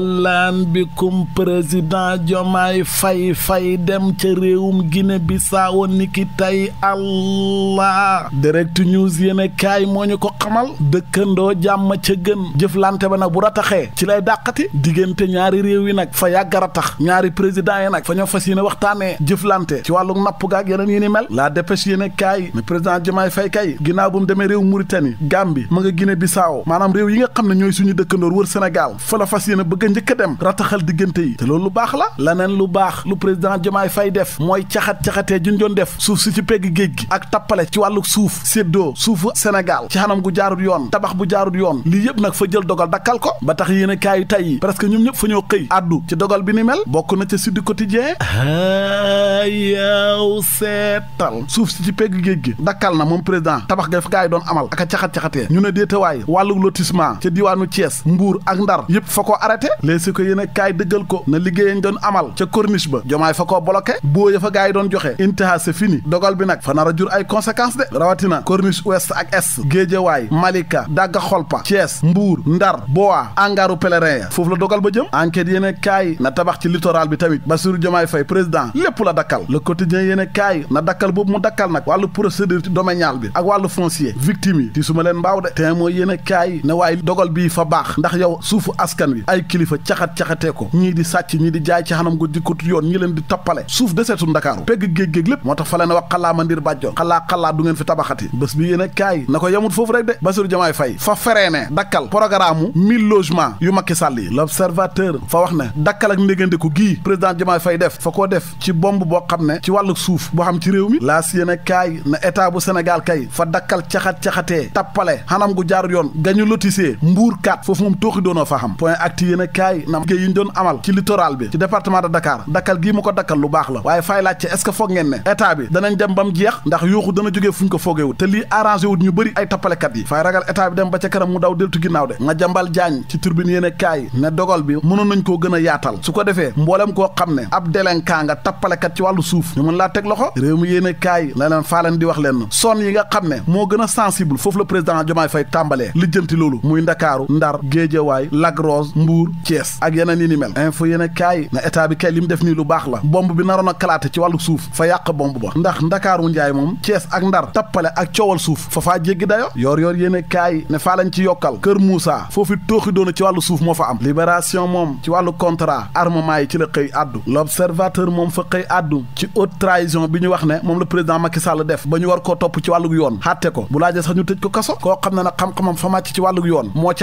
ahlan bikum président jomaay fay fay dem ca réewum Guinée Bissau niki tey allah direct news yéen kaay moo ñu ko xamal dëkkandoo jàmm ca gën jëflante ba nag bu rataxee ci lay dàqati diggante ñaari réew yi nag fa yàgg a ratax ñaari président yi nag fa ñoo fas yéene waxtaane jëflante ci wàllu napp gaak yeneen yi ni mel la dépêche yéen kaay mais président jomaay fay kay ginnaaw bu mu demee réew Mauritanie Gambie ma nga Guinée Bissau maanaam réew yi nga xam ne ñooy suñu dëkkandoor wër Sénégal njëkk a dem rataxal diggante yi te loolu lu baax la laneen lu baax lu président Diomaye fay def mooy caxat-caxatee juñ doon def suuf si ci pegg géej gi ak tappale ci wàllu suuf séddoo suufu Sénégal ci xanam gu jaarut yoon tabax bu jaarut yoon lii yëpp nag fa jël dogal dakkal ko ba tax yéen a kaay tay yi parce que ñoom ñëpp fa ñoo xëy addu ci dogal bi ni mel bokk na ca Sud Quotidien ayaw ah, seetal suuf si ci pegg géej gi dakkal na moom président tabax ga yi doon amal ak a ñu ne déetawaay wàllu lotissement diwaanu Thiès Mbour ak Ndar léeg si ko yéen a kaay dëggal ko na liggéeyañ doon amal ca corniche ba jomaay fa ko bloqué boo fa gaa yi doon joxe intaha c'est fini dogal bi nag fa nar a jur ay conséquences de rawatina corniche ouest ak est géejawaay malika dagga xolpa Thiès mbuur ndar boa angaaru pèlerin ya foofu la dogal ba jëm enquête yéen a kaay na tabax ci littoral bi tamit Bassirou Diomaye fay président lépp la dakkal la quotidien yéen a kaay na dakkal boobu mu dakkal nag wàllu procédure domaniale bi ak wàllu foncier victime yi ti su ma leen te mooy yéen a kaay ne waaye dogal bii fa baax ndax yow suufu askan wi ay kilifa kilifa caxat-caxatee ko ñii di sàcc ñii di jaay xanam gu jikkut yoon ñi leen di tappale suuf deseetu ndakaaru pegg géej-géej lépp moo tax fa leen wax xalaa ma ndir bàjjoon xalaa xalaa du ngeen fi tabaxati bés bi yéen a na ko yemut ne dakkal ak ndéggandiku gii président Diomaye Faye def fa koo def ci bomb boo xam ne ci wàllu suuf boo xam ci réew mi laas yéen a kaay na état bu Sénégal fa dakkal caxat-caxatee tappale xanam gu jaar yoon gañu lotissé mbuur kat foofu moom tooxi doonoo fa xam point acti yéen a kaay na liggéey yu ñu doon amal ci littoral bi ci département nga jambal jaañ ci turbine yéene kaay ne dogal bi mënoon nañ koo gën a yaatal su ko defee mboolem koo xam ne ab délinquant nga tappalekat ci wàllu suuf ñu laa teg loxo réew mi yéene kaay la leen faa leen di wax leen son yi nga xam ne moo gën a foofu la président Diomaye Faye tàmbalee lijjanti loolu muy Ndakaaru Ndar Géejawaay Lac Mbuur Thiès ak yeneen yi ni mel info yéen a kaay na état bi kay li def nii lu baax la bomb bi naroon a kalaate ci wàllu suuf fa yàq bomb ba ndax ndakaaru njaay moom Thiès ak ndar tappale ak coowal suuf fa faa jéggi dayo yoor yoor yéen a kaay ne faa lañ ci yokkal kër Moussa foofu tooxi doona ci wàllu suuf moo fa am libération moom ci wàllu contrat armement ci la xëy addu l'observateur moom fa xëy addu ci haute trahison bi ñu wax ne moom la président Macky Sall def ba ñu war koo topp ci ko bu laajee sax ñu tëj ko koo xam ne nag xam-xamam fa màcc ci wàllu yoon moo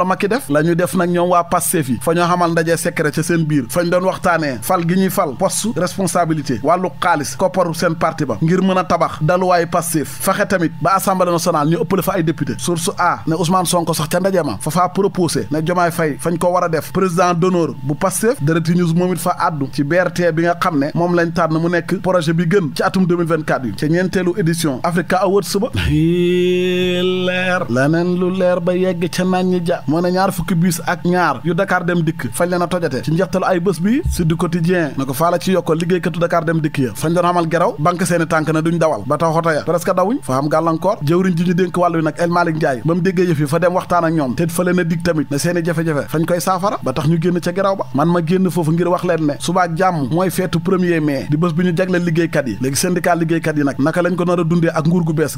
la Macky def la ñu def nag ñoom waa Pastef yi fa ñoo xamal ndaje secret ca seen biir fañ doon waxtaanee fal gi ñuy fal poste responsabilité wàllu xaalis kopparu seen parti ba ngir mën a tabax daluwaayu Pastef fexe tamit ba assemblée nationale ñu ëppale fa ay député source a ne Ousmane Sonko sax ca ndaje ma fa faa proposé ne Jomaay Fay fañ ko war a def président d'honneur bu Pastef Direct News moom it fa àddu ci BRT bi nga xam ne moom lañ tànn mu nekk projet bi gën ci atum 2024 yi ca ñeenteelu édition Africa Awards ba leer leneen lu leer ba yegg ca naan ñi ja moo ne ñaar fukki bus ak ñaar yu Dakar dem dikk fañ leen a tojate ci njeextalu ay bés bi Sud Quotidien na ko faala ci yokkal liggéeykatu Dakar dem dikk ya fañ doon xamal geraw banque seeni tànk ne duñ dawal ba tax xoto ya presque dawuñ fa am gàllankoor jëwriñ ji ñu dénk wàllu wi nag El Malick Ndiaye ba mu déggee yëf yi fa dem waxtaan ñoom te fa leen a dig tamit ne seeni jafe-jafe fañ koy saafara ba tax ñu génn ca geraw ba man ma génn foofu ngir leen ne subaa jàmm mooy feetu premier mai di bés bi ñu yi léegi a dundee ak nguur gu bees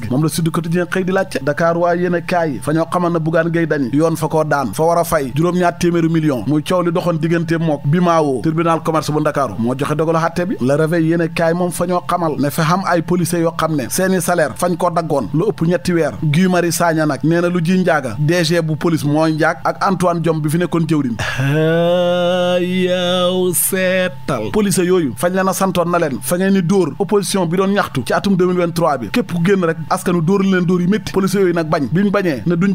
a kaay fa koo daan fa war a fay juróom-ñaar téeméeri million muy coow li doxoon diggante mook bi maawoo tribunal commerce bu ndakaaru moo joxe dogalu xatte bi le réveil yéen kaay moom fa ñoo xamal ne fa xam ay policiers yoo xam ne seeni salaire fañ koo daggoon lu ëpp ñetti weer Guy Marius Sagna nag nee na lu ji njaaga DG bu police mooy njaag ak Antoine Diome bi fi nekkoon jëwriñ yaaw seetal policiers yooyu fañ leen a santoon na leen fa ngeen ni dóor opposition bi doon ñaxtu ci atum 2023 bi képp ku génn rek askanu dóor leen dóor yu métti policiers yooyu nag bañ bi ñu bañee ne duñ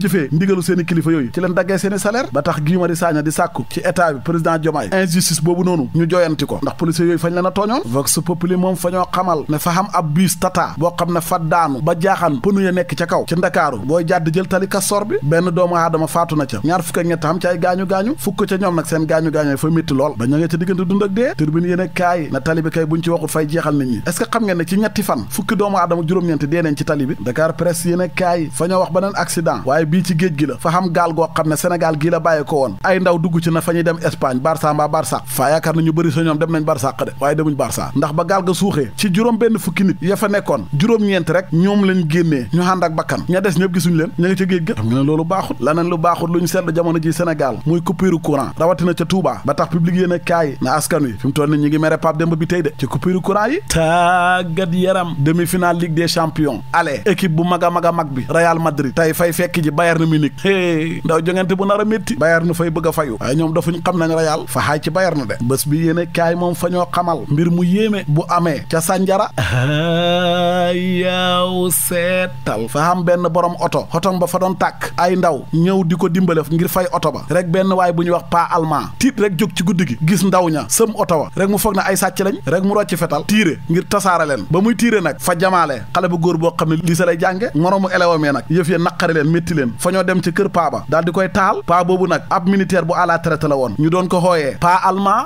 kilifa yooyu ci leen daggee seen i salaire ba tax Guy Marius Sagna di sàkku ci état bi président Diomaye injustice boobu noonu ñu joyanti ko ndax policiers yooyu fañ leen a tooñoon vox populi moom fa ñoo xamal ne fa xam ab bus tata boo xam ne fa daanu ba jaaxan pënu ya nekk ca kaw ci ndakaaru booy jàdd jël tali kastoor bi benn doomu aadama faatu na ca ñaar fukk ak ñett xam ci ay gaañu-gaañu fukk ca ñoom nag seen gaañu-gaañu fa métti lool ba ña nga ca diggante dund ak dee la fa xam gaal ne Sénégal gii la bàyyi ko woon ay ndaw dugg ci na fa ñuy dem Espagne Barça mbaa Barça faa yaakaar na ñu bëri sa ñoom dem nañ Barça de waaye demuñ Barça ndax ba gaal ga suuxee ci juróom benn fukki nit ya fa nekkoon juróom-ñeent rek ñoom lañ génnee ñu ànd ak bakkan ña des ñëpp gisuñu leen ña nga ca géej ga xam nga ne loolu baaxut laneen lu baaxut lu ñu seetlu ji Sénégal muy coupure courant rawatina ca Touba ba tax public yéen kaay na bu mag a mag mag bi Real Madrid jongante bu nar a métti Bayern fay bëgg a fayu waaye ñoom dafuñ xam nañ Real fa xaay ci Bayern de bés bi yéene kaay moom fañoo ñoo xamal mbir mu yéeme bu amee ca sànjara yaaw seetal fa xam benn borom oto otom ba fa doon tàkk ay ndaw ñëw di ko dimbale ngir fay oto ba rek benn waay bu ñuy wax pas allemand tiit rek jóg ci guddi gi gis ndaw ña sëm oto ba rek mu foog na ay sàcc lañ rek mu rocc fetal tiire ngir tasaare leen ba muy tiire nag fa jamaale xale bu góor boo xam ne lii sa lay jànge moroomu élève amee nag yëf leen métti leen fa ñoo dem ci kër koy taal paa boobu nag ab militaire bu à la traite la woon ñu doon ko xooyee paa allemand